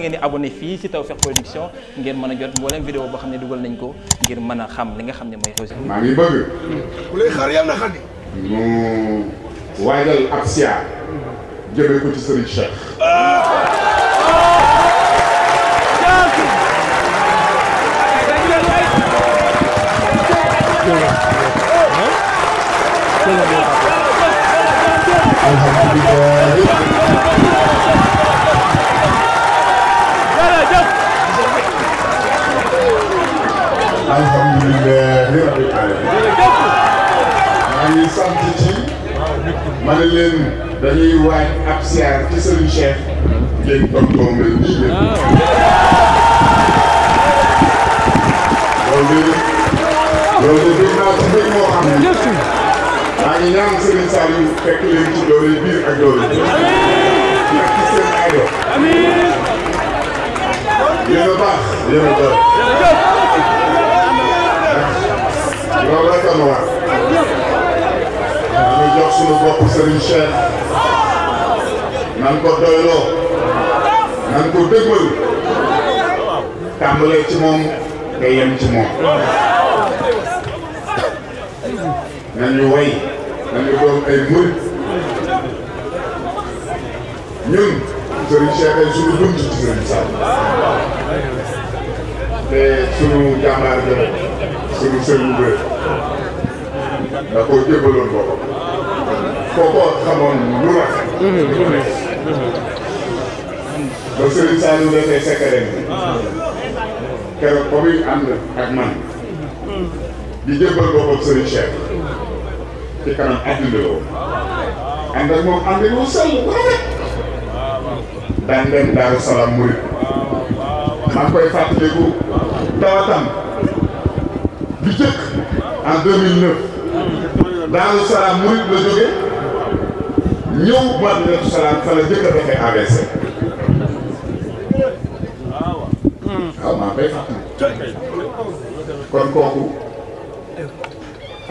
ngeen di abonné fii ci Tawfekh Production ngeen mën a jot mboolem vidéo boo xam ne dugal nañ ko ngir mën a xam li nga xam ne mooy xew si maa ngi bëgg ku lay xaar yàlla xadi mu waajal ab siyaar jëmee ko ci Serigne Cheikh alhamdulillah alhamdulilah rabbil alamin maa ngi sant ci ma ne leen dañuy waaj ab siyaar ci sëriñ Cheikh ngeen tontoo mel nii ngeen loolu de loolu de naa ci mbir moo xam ne maa ngi ñaan sëriñ Saliou fekk leen ci doole biir ak doole askan wa ñu jox suñu bopp Serigne Cheikh nan ko doyloo nan ko dëgmal tàmbalee ci moom yem ci moom nañu way nañu doon ay murit ñun Serigne Cheikh ay suñu ci Serigne te sunu jàmbaar jële sunu sëriñ bi da koo jébaloon boppam kookoo xamoon lu rafet ba sëriñ Saliou dafay sekkare ni keroog ba muy ànd ak man di jébal boppam sëriñ Cheikh ci kanam àddina loo ànd ak moom ànd wu sell bu rafet daan dem maa ngi koy fàttaliku tawatam bi jëkk en 2009 Daaru Salaam murit la jóge ñëw Madinatu Salaam fa la jëkk a defee AVC waaw maa ngi koy fàttaliku kon kooku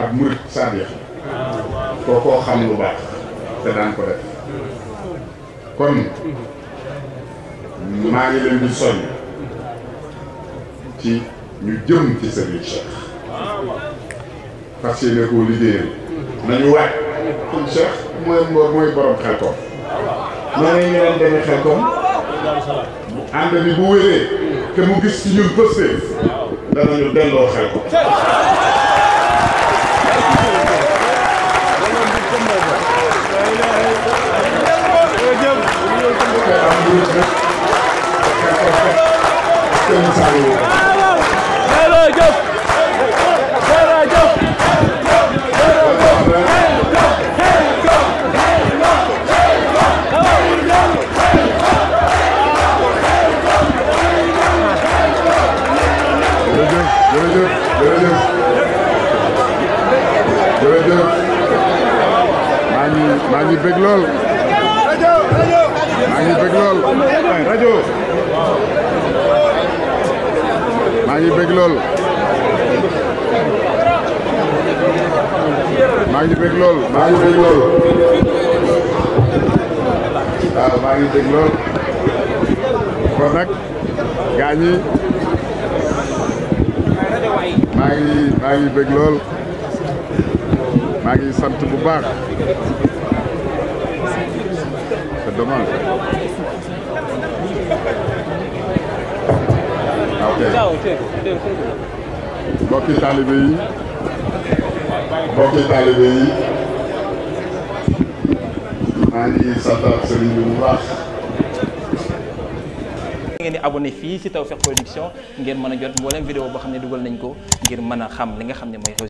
ak murit sadiq kookoo xam lu baax te daan ko def kon maa ngi leen di soññ ci ñu jëm ci Serigne Cheikh fas yéene koo liggéeyal nañu waaj comme Cheikh mooy mooy borom xelkom noonu ñu leen mu ànd bu wéree te mu gis ci ñun pëstéef danañu delloo xelkom Thank you. maa ngi bëgg lool maa ngi bëgg lool rajo maa ngi bëgg lool maa ngi bëgg lool maa ngi bëgg lool waaw maa ngi bëgg lool kon nag gaa ñi maa ngi maa ngi bëgg lool maa ngi sant bu baax dommage. ok. mbokki taalibe yi mbokki taalibe yi maa ngi santaat sëriñ bi bu baax. ngeen di abonné fii ci Tawfekh Production ngeen mën a jot mboolem vidéo boo xam ne dugal nañ ko ngir mën a xam li nga xam ne mooy.